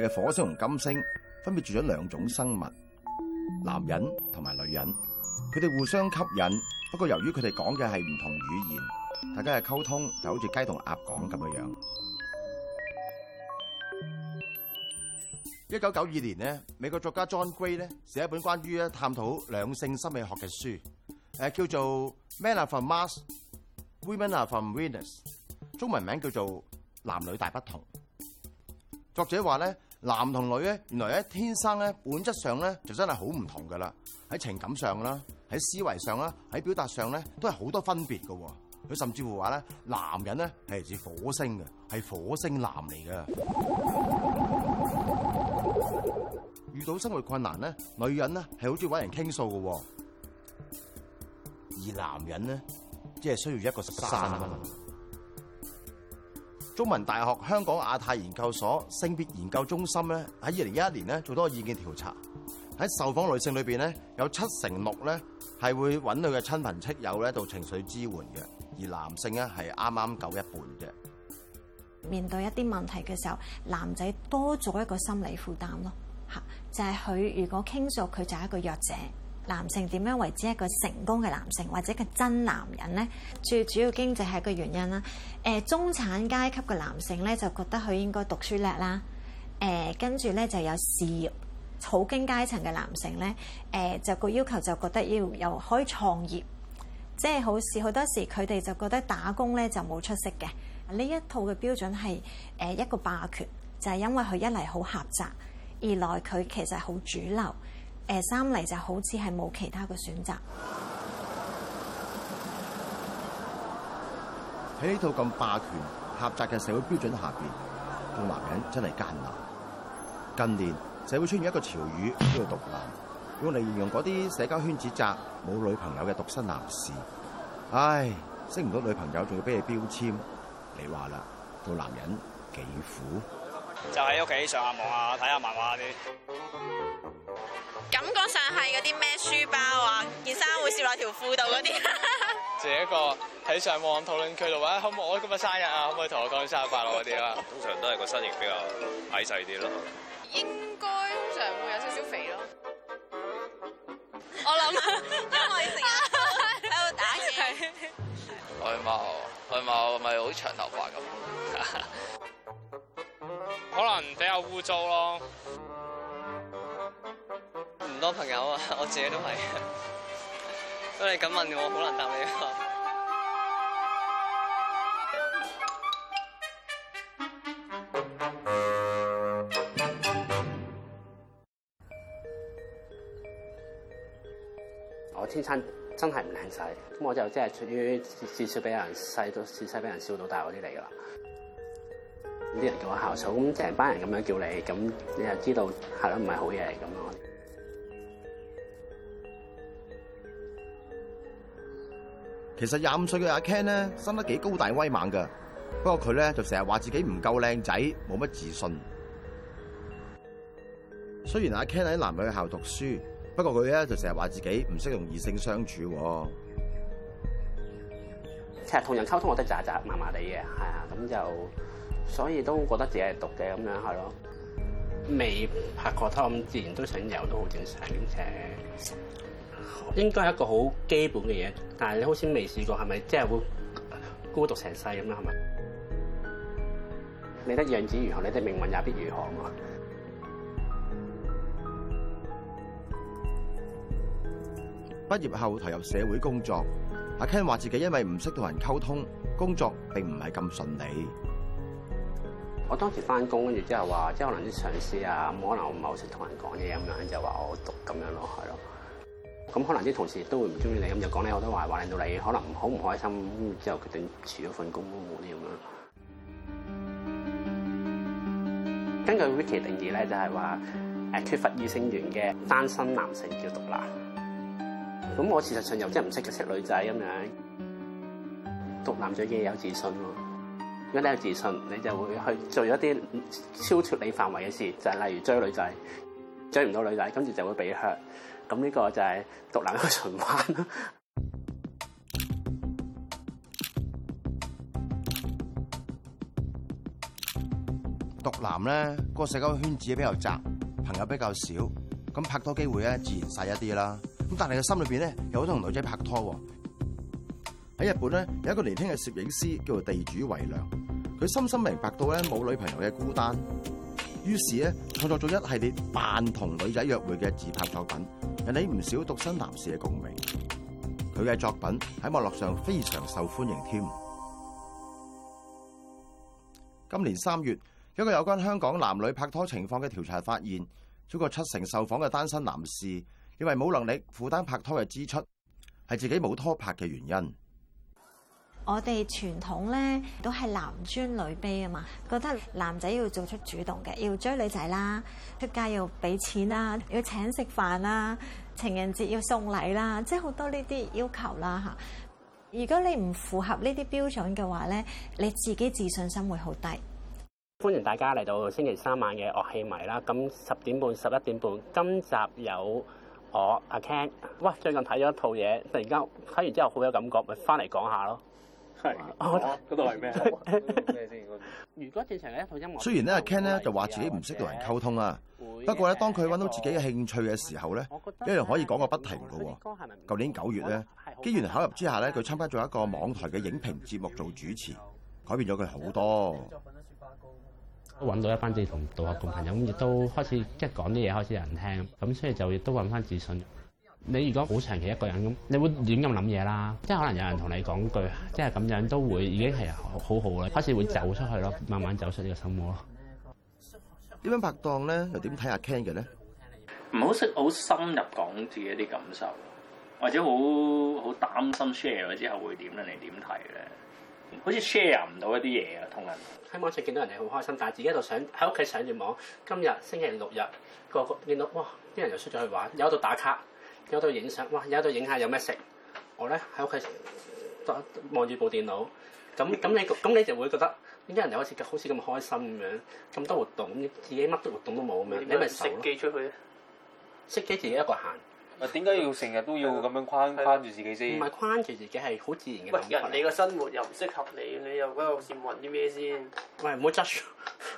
嘅火星同金星分別住咗兩種生物，男人同埋女人，佢哋互相吸引。不過由於佢哋講嘅係唔同語言，大家嘅溝通就好似雞同鴨講咁嘅樣。一九九二年咧，美國作家 John Gray 咧寫一本關於咧探討兩性心理學嘅書，誒叫做 Men Are From Mars, Women Are From Venus，中文名叫做男女大不同。作者話咧。男同女咧，原來咧天生咧，本質上咧就真係好唔同噶啦。喺情感上啦，喺思維上啦，喺表達上咧，都係好多分別噶。佢甚至乎話咧，男人咧係嚟自火星嘅，係火星男嚟噶。 遇到生活困難咧，女人咧係好中意搵人傾訴噶， 而男人咧，即係需要一個十三。 中文大學香港亞太研究所性別研究中心咧喺二零一一年咧做多個意見調查，喺受訪女性裏邊咧有七成六咧係會揾佢嘅親朋戚友咧做情緒支援嘅，而男性咧係啱啱夠一半嘅。面對一啲問題嘅時候，男仔多咗一個心理負擔咯嚇，就係、是、佢如果傾訴，佢就係一個弱者。男性點樣為之一個成功嘅男性或者一個真男人呢？最主要經濟係一個原因啦。誒、呃、中產階級嘅男性呢，就覺得佢應該讀書叻啦。誒跟住呢，就有事業。草根階層嘅男性呢，誒、呃、就個要求就覺得要又可以創業。即係好似好多時佢哋就覺得打工呢就冇出息嘅。呢一套嘅標準係誒、呃、一個霸權，就係、是、因為佢一嚟好狹窄，二來佢其實好主流。誒三嚟就好似係冇其他嘅選擇。喺呢套咁霸權狹窄嘅社會標準下邊，做男人真係艱難。近年社會出現一個潮語叫做「毒男」，用嚟形容嗰啲社交圈子窄、冇女朋友嘅「獨身男士」。唉，識唔到女朋友仲要俾你標籤，你話啦，做男人幾苦？就喺屋企上下網啊，睇下漫畫啲。感覺上係嗰啲咩書包啊，件衫會攝落條褲度嗰啲。就 一個喺上網討論區度話，可唔可以今日生日啊？可唔可以同我講生日快樂嗰啲啦？ 通常都係個身形比較矮細啲咯。應該通常會有少少肥咯。我諗，因為成日喺度打機。外貌，外貌咪好長頭髮咁。 可能比較污糟咯，唔多朋友啊，我自己都係。 因為你咁問我，好難答你啊。 我天生真係唔靚仔，咁我就真係出於至少俾人細到至少俾人笑到大嗰啲嚟噶啦。啲人叫我校草，咁成班人咁樣叫你，咁你又知道係咯，唔係好嘢，咁咯。其實廿五歲嘅阿 Ken 咧，生得幾高大威猛噶，不過佢咧就成日話自己唔夠靚仔，冇乜自信。雖然阿 Ken 喺男女校讀書，不過佢咧就成日話自己唔識同異性相處。其實同人溝通我都渣渣麻麻地嘅，係啊，咁就。所以都覺得自己係毒嘅咁樣係咯，未拍過拖咁，自然都想有都好正常，兼、就、且、是、應該係一個好基本嘅嘢。但係你好似未試過，係咪即係會孤獨成世咁樣？係咪？你嘅樣子如何？你哋命運也必如何嘛。畢業後投入社會工作，阿 Ken 話自己因為唔識同人溝通，工作並唔係咁順利。我當時翻工，跟住之後話，即係可能啲上司啊，可能我唔係好識同人講嘢咁樣，就話我毒咁樣咯，係咯。咁可能啲同事都會唔中意你，咁就講你好多壞話，令到你可能好唔開心。之後決定辭咗份工冇啲咁樣。 根據 Wikipedia 定義咧，就係話，誒缺乏異性緣嘅單身男性叫毒男。咁我事實上又真係唔識就識女仔咁樣，毒男仔嘅有自信喎。如果你有自信，你就會去做一啲超脫你範圍嘅事，就係、是、例如追女仔，追唔到女仔，跟住就會被蝕。咁呢個就係毒男嘅循環咯。毒男咧，個社交圈子比較窄，朋友比較少，咁拍拖機會咧自然細一啲啦。咁但係個心裏邊咧，有好多同女仔拍拖喎。喺日本咧，有一個年輕嘅攝影師叫做地主為良。佢深深明白到咧冇女朋友嘅孤單，於是咧創作咗一系列扮同女仔約會嘅自拍作品，引起唔少獨身男士嘅共鳴。佢嘅作品喺網絡上非常受歡迎添。今年三月，一個有關香港男女拍拖情況嘅調查發現，超過七成受訪嘅單身男士認為冇能力負擔拍拖嘅支出，係自己冇拖拍嘅原因。我哋傳統咧都係男尊女卑啊嘛，覺得男仔要做出主動嘅，要追女仔啦，出街要俾錢啦，要請食飯啦，情人節要送禮啦，即係好多呢啲要求啦嚇。如果你唔符合呢啲標準嘅話咧，你自己自信心會好低。歡迎大家嚟到星期三晚嘅樂器迷啦。咁十點半、十一點半，今集有我阿、啊、Ken。哇，最近睇咗一套嘢，突然間睇完之後好有感覺，咪翻嚟講下咯。係，度係咩？如果正常嘅一套音樂，雖然阿 Ken 咧就話自己唔識同人溝通啊。不過咧，當佢揾到自己嘅興趣嘅時候咧，我覺得一樣可以講個不停噶喎。舊年九月咧，機緣巧合之下咧，佢參加咗一個網台嘅影評節目做主持，改變咗佢好多。再揾雪花膏。都揾到一班志同道合同朋友，咁亦都開始即係講啲嘢，開始有人聽，咁所以就亦都揾翻自信。你如果好長期一個人咁，你會亂咁諗嘢啦。即係可能有人同你講句，即係咁樣都會已經係好好啦，開始會走出去咯，慢慢走出呢個心魔咯。呢班拍檔咧，又點睇下 Ken 嘅咧？唔好識好深入講自己啲感受，或者好好擔心 share 咗之後會點咧？你點睇咧？好似 share 唔到一啲嘢啊，同人。喺網上見到人哋好開心，但係自己喺度想，喺屋企上住網，今日星期六日，個個見到哇啲人又出咗去玩，又喺度打卡。而家度影相，哇！而家度影下有咩食。我咧喺屋企望住部電腦。咁咁你咁你就會覺得點解人有好似咁好似咁開心咁樣，咁多活動，咁自己乜都活動都冇咩，你咪愁咯。食機出去啊！食機自己一個行。誒點解要成日都要咁樣框的框住自己先？唔係框住自己係好自然嘅行為。人哋嘅生活又唔適合你，你又嗰度羨慕啲咩先？喂，唔好窒住！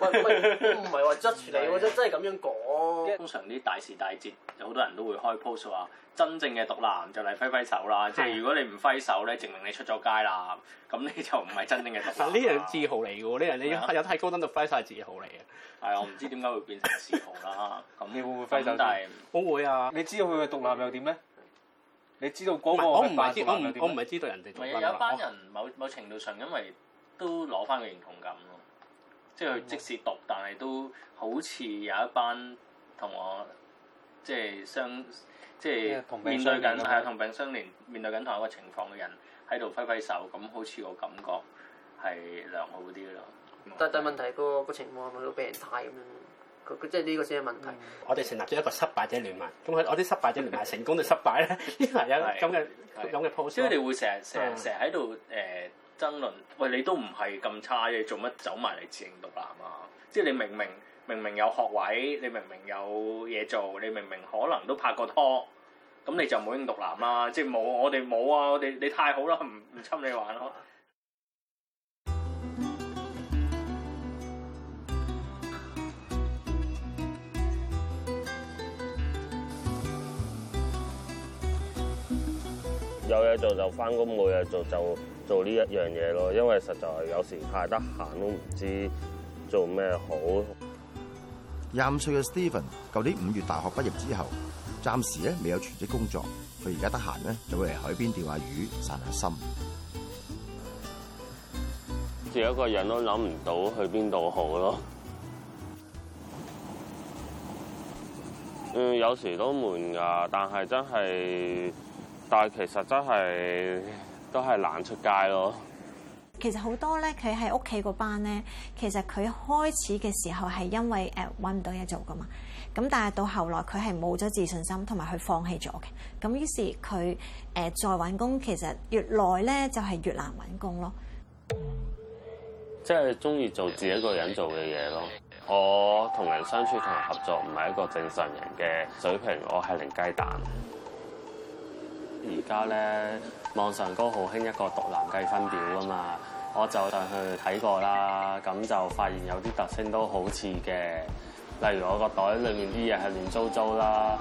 喂喂，唔係話窒住你，我真真係咁樣講。通常啲大時大節，有好多人都會開 post 話：真正嘅毒男就嚟揮揮手啦！的即係如果你唔揮手咧，證明你出咗街啦，咁你就唔係真正嘅毒男。呢樣自豪嚟嘅喎，呢樣的你有太高登度，揮晒自豪嚟嘅。係啊， 我唔知點解會變成事後啦，咁你會唔會揮手？但是我會啊！你知道佢嘅獨立又點咧？不你知道嗰個我唔係知，我唔我唔係知道人哋獨立。唔係啊，有一班人某某程度上因為都攞翻個認同感咯、哦，即係佢即使獨，但係都好似有一班同我即係相即係面對緊係同病相憐，面對緊同一個情況嘅人喺度揮揮手，咁好似個感覺係良好啲咯。但但問題個個情況係咪都俾人曬咁樣，佢佢即係呢個先係問題。我哋成立咗一個失敗者聯盟，咁佢我啲失敗者聯盟係成功都失敗咧，啲人有咁嘅咁嘅 pose。即係你會成日成日成日喺度誒爭論，喂，你都唔係咁差嘅，做乜走埋嚟自認獨男啊？即係你明明明明有學位，你明明有嘢做，你明明可能都拍過拖，咁你就冇認獨男啦。即係冇我哋冇啊，我哋你太好啦，唔唔侵你玩咯。有嘢做就翻工，冇嘢做就做呢一樣嘢咯。因為實在有時太得閒，都唔知做咩好。廿五歲嘅 Steven，舊年五月大學畢業之後，暫時咧未有全職工作，佢而家得閒咧就會嚟海邊釣下魚，散下心。自己一個人都諗唔到去邊度好咯。嗯，有時都悶噶，但係真係。但係其實真係都係難出街咯。其實好多咧，佢喺屋企嗰班咧，其實佢開始嘅時候係因為誒揾唔到嘢做㗎嘛。咁但係到後來佢係冇咗自信心，同埋佢放棄咗嘅。咁於是佢誒、呃、再揾工，其實越耐咧就係、是、越難揾工咯。即係鍾意做自己一個人做嘅嘢咯。我同人相處同人合作唔係一個正常人嘅水平，我係零雞蛋。而家咧網上高好興一個毒男計分表噶嘛，我就上去睇過啦，咁就發現有啲特性都好似嘅。例如我個袋裡面啲嘢係亂糟糟啦，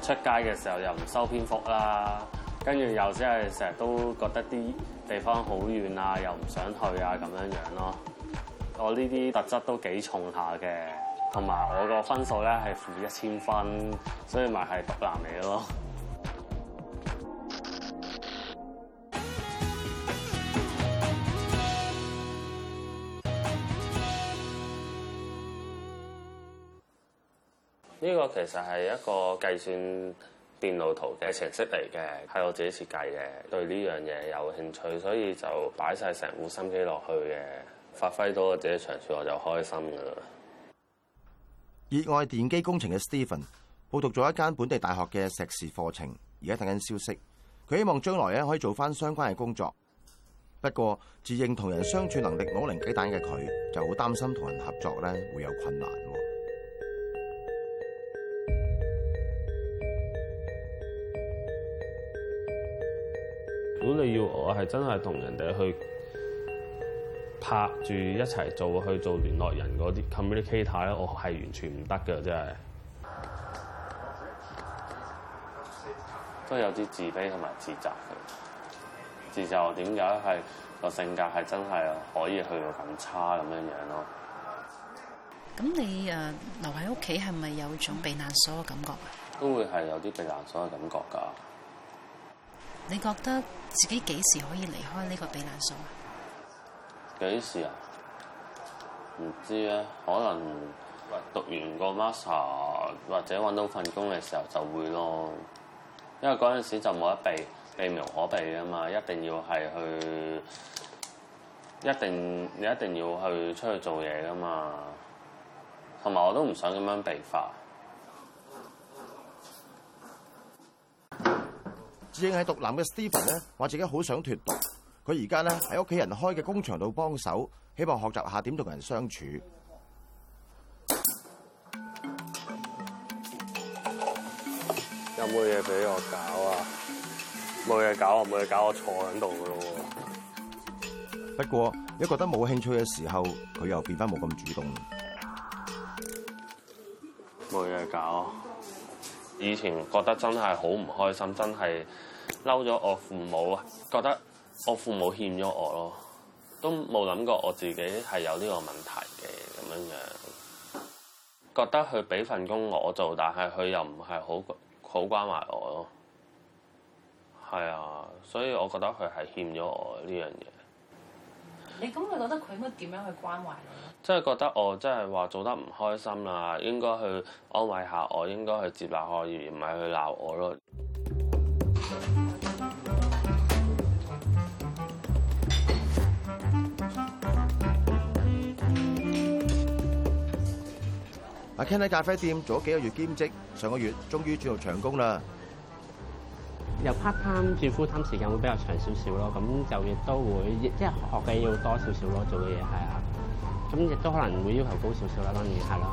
出街嘅時候又唔修邊幅啦，跟住又即係成日都覺得啲地方好遠啊，又唔想去啊咁樣樣咯。我呢啲特質都幾重下嘅，同埋我個分數咧係負一千分，所以咪係毒男嚟咯。呢個其實係一個計算電路圖嘅程式嚟嘅，係我自己設計嘅。對呢樣嘢有興趣，所以就擺晒成副心機落去嘅，發揮到我自己長處我就開心㗎啦。熱愛電機工程嘅 Stephen，報讀咗一間本地大學嘅碩士課程，而家等緊消息。佢希望將來咧可以做翻相關嘅工作。不過，自認同人相處能力攞零雞蛋嘅佢，就好擔心同人合作咧會有困難。如果你要我係真係同人哋去拍住一齊做去做聯絡人嗰啲 communicator 咧，我係完全唔得㗎，真係都有啲自卑同埋自責。自責我點解係個性格係真係可以去到咁差咁樣樣咯？咁你誒留喺屋企係咪有種避難所嘅感覺？都會係有啲避難所嘅感覺㗎。你覺得自己幾時可以離開呢個避難所？幾時啊？唔知咧、啊，可能讀完個 master 或者搵到份工嘅時候就會咯。因為嗰陣時就冇得避，避無可避啊嘛！一定要係去，一定你一定要去出去做嘢噶嘛。同埋我都唔想咁樣避法。自認喺獨男嘅 Steven 咧，話自己好想脱毒。佢而家咧喺屋企人開嘅工場度幫手，希望學習下點同人相處。有冇嘢俾我搞啊？冇嘢搞啊！冇嘢搞，我坐喺度噶咯。不過一覺得冇興趣嘅時候，佢又變翻冇咁主動。冇嘢搞。以前覺得真係好唔開心，真係嬲咗我父母啊！覺得我父母欠咗我咯，都冇諗過我自己係有呢個問題嘅咁樣樣。覺得佢俾份工我做，但係佢又唔係好好關懷我咯。係啊，所以我覺得佢係欠咗我呢樣嘢。你咁，佢覺得佢應該點樣去關懷你？即係覺得我真係話做得唔開心啦，應該去安慰下我，應該去接納我，而唔係去鬧我咯。阿 Ken 喺咖啡店做咗幾個月兼職，上個月終於轉做長工啦。由 part time 轉 full time，時間會比較長少少咯，咁就亦都會亦即係學嘅要多少少咯，做嘅嘢係啊，咁亦都可能會要求高少少啦，當然係咯。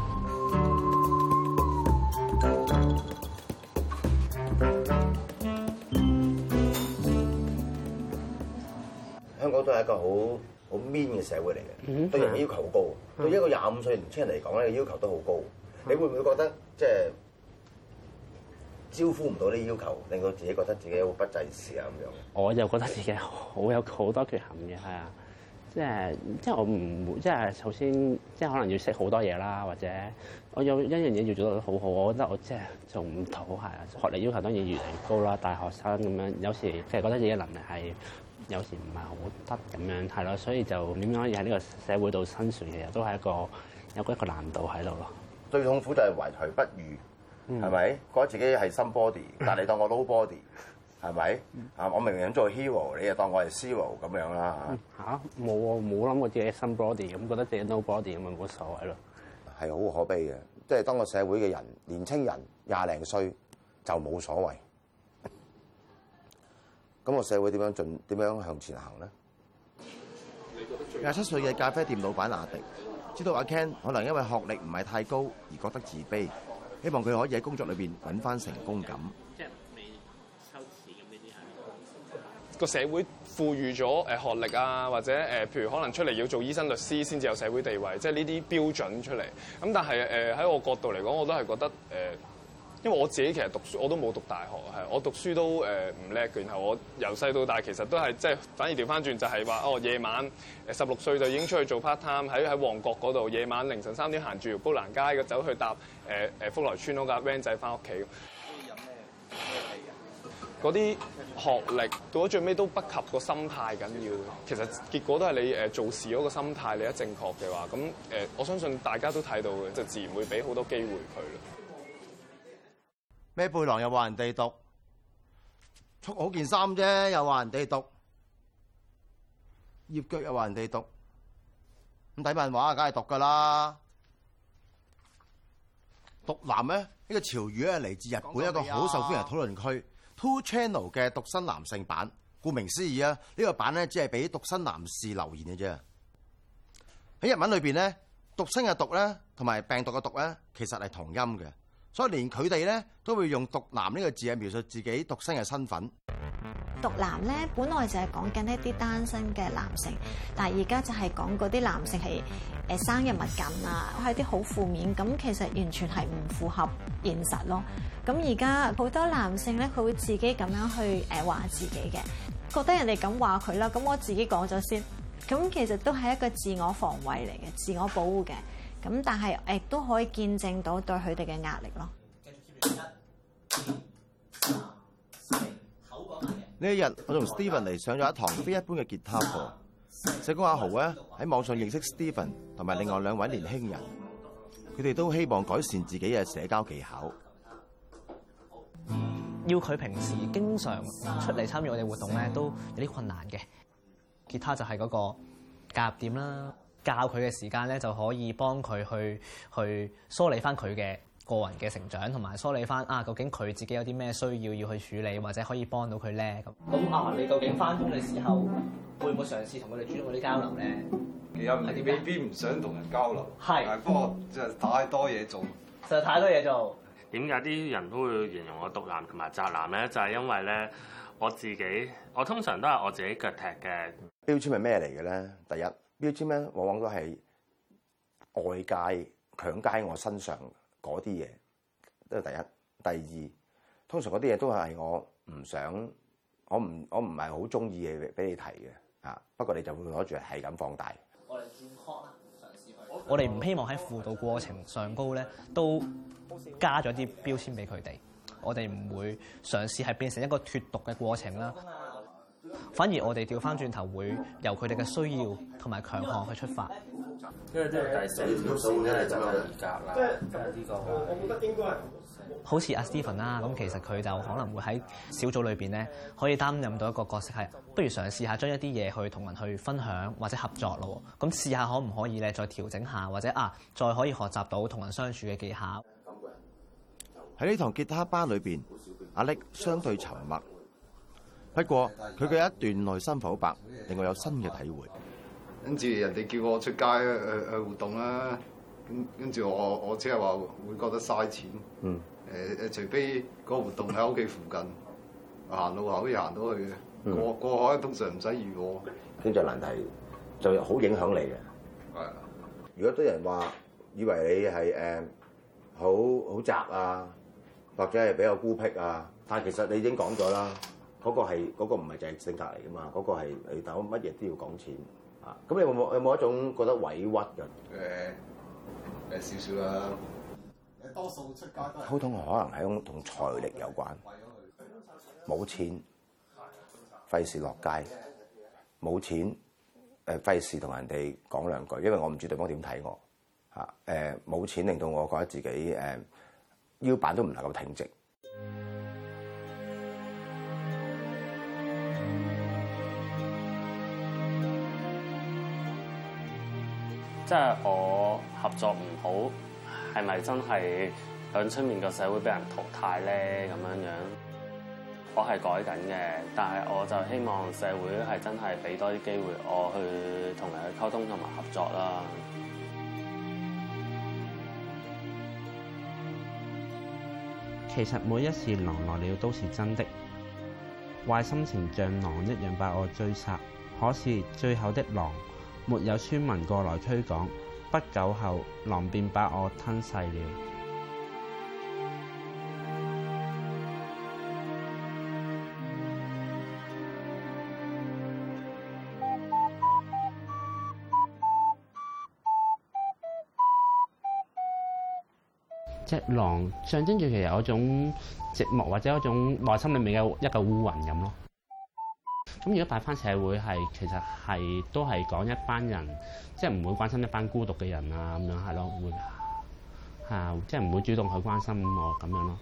香港都係一個好好 mean 嘅社會嚟嘅，對人嘅要求好高，對一個廿五歲年輕人嚟講咧，要求都好高。嗯、你會唔會覺得即係？招呼唔到啲要求，令到自己覺得自己好不濟事啊。咁樣我就覺得自己好有好多缺陷嘅，係啊、就是，即係即係我唔即係首先即係可能要識好多嘢啦，或者我有一樣嘢要做到好好，我覺得我即係做唔到係啊。學歷要求當然越嚟越高啦，大學生咁樣有時即係覺得自己能力係有時唔係好得咁樣，係咯，所以就點樣可以喺呢個社會度生存嘅都係一個有個一個難度喺度咯。最痛苦就係懷才不遇。係咪覺得自己係 somebody？ 但你當我 nobody，係咪啊？ 我明明做 hero，你又當我係 zero 咁樣啦嚇！冇啊！冇諗過自己 somebody，咁覺得自己 nobody 咪冇所謂咯。係好可悲嘅，即係當個社會嘅人，年青人廿零歲就冇所謂。咁 個社會點樣進點樣向前行咧？廿七歲嘅咖啡店老闆阿迪，知道阿 Ken 可能因為學歷唔係太高而覺得自卑。希望佢可以喺工作裏邊揾翻成功感，即係未收市咁呢啲係個社會賦予咗誒學歷啊，或者誒、呃，譬如可能出嚟要做醫生、律師先至有社會地位，即係呢啲標準出嚟。咁但係誒喺我角度嚟講，我都係覺得誒。呃因為我自己其實讀書我都冇讀大學，係我讀書都誒唔叻然後我由細到大其實都係即係反而調翻轉，就係話哦夜晚十六歲就已經出去做 part time 喺喺旺角嗰度，夜晚凌晨三點行住條砵蘭街嘅走去搭誒誒、呃、福來邨嗰架 van 仔翻屋企。以有咩？係呀，嗰啲學歷到咗最尾都不及個心態緊要。其實結果都係你誒、呃、做事嗰個心態你一正確嘅話，咁誒、呃、我相信大家都睇到嘅，就自然會俾好多機會佢啦。孭背囊又話人哋毒，束好件衫啫，又話人哋毒，腋腳又話人哋毒，咁睇漫畫梗係毒噶啦，毒男咧，呢個潮語咧，嚟自日本一個好受歡迎討論區 Two Channel 嘅獨身男性版，顧名思義啊，呢個版咧只係俾獨身男士留言嘅啫。喺日文裏邊咧，獨身嘅獨咧，同埋病毒嘅毒咧，其實係同音嘅。所以連佢哋咧都會用毒男呢個字嚟描述自己獨生嘅身份。毒男咧本來就係講緊一啲單身嘅男性，但係而家就係講嗰啲男性係誒生嘅物感啊，係啲好負面，咁其實完全係唔符合現實咯。咁而家好多男性咧，佢會自己咁樣去誒話自己嘅，覺得人哋咁話佢啦，咁我自己講咗先。咁其實都係一個自我防衛嚟嘅，自我保護嘅。咁但係誒都可以見證到對佢哋嘅壓力咯。呢一日我同 Steven 嚟上咗一堂非一般嘅吉他課。社工阿豪咧喺網上認識 Steven 同埋另外兩位年輕人，佢哋都希望改善自己嘅社交技巧。要佢平時經常出嚟參與我哋活動咧，都有啲困難嘅。吉他就係嗰個夾點啦。教佢嘅時間咧，就可以幫佢去去梳理翻佢嘅個人嘅成長，同埋梳理翻啊，究竟佢自己有啲咩需要要去處理，或者可以幫到佢咧咁。咁、嗯、啊，你究竟翻工嘅時候會唔會嘗試同佢哋主動啲交流咧？其實你有唔係啲 A B 唔想同人交流，係唔係幫我？太多嘢做，實在太多嘢做。點解啲人都會形容我毒男同埋宅男咧？就係、是、因為咧，我自己我通常都係我自己腳踢嘅標籤，係咩嚟嘅咧？第一。標籤咧，往往都係外界強加我身上嗰啲嘢，都係第一。第二，通常嗰啲嘢都係我唔想，我唔我唔係好中意嘅，俾你提嘅。啊，不過你就會攞住係咁放大。我哋健康嘗試，我哋唔希望喺輔導過程上高咧，都加咗啲標籤俾佢哋。我哋唔會嘗試係變成一個脫毒嘅過程啦。反而我哋調翻轉頭，會由佢哋嘅需要同埋強項去出發。第四條線一係走二甲啦，即係我覺得應該係。好似阿、啊、Stephen 啦、嗯，咁其實佢就可能會喺小組裏邊咧，可以擔任到一個角色係，不如嘗試下將一啲嘢去同人去分享或者合作咯。咁試下可唔可以咧，再調整下，或者啊，再可以學習到同人相處嘅技巧。喺呢堂吉他班裏邊，阿力相對沉默。不過佢嘅一段內心剖白令我有新嘅體會，跟住人哋叫我出街去誒活動啦，跟跟住我我即係話會覺得嘥錢，誒誒、嗯，除非個活動喺屋企附近行路行可以行到去嘅，過過海、嗯、通常唔使預我。經濟難題就好影響你嘅？係啊，如果多人話以為你係誒好好宅啊，或者係比較孤僻啊，但係其實你已經講咗啦。嗰個係嗰個唔係就係性格嚟噶嘛，嗰、嗰個係誒，但乜嘢都要講錢啊！咁你有冇有冇一種覺得委屈嘅？誒誒、欸欸，少少啦，多數出街都……溝通可能係種同財力有關，冇錢，費事落街；冇錢，誒費事同人哋講兩句，因為我唔知對方點睇我嚇誒。冇錢令到我覺得自己誒腰板都唔能夠挺直。即係我合作唔好，係咪真係響出面個社會俾人淘汰咧？咁樣樣，我係改緊嘅，但係我就希望社會係真係俾多啲機會我去同人去溝通同埋合作啦。其實每一次狼來了都是真的，壞心情像狼一樣把我追殺，可是最後的狼。沒有村民過來驅趕，不久後狼便把我吞噬了。隻狼象徵住其實有一種寂寞，或者一種內心裡面嘅一個烏雲咁咯。咁如果擺翻社會係，其實係都係講一班人，即係唔會關心一班孤獨嘅人啊，咁樣係咯，會啊，即係唔會主動去關心我咁樣咯。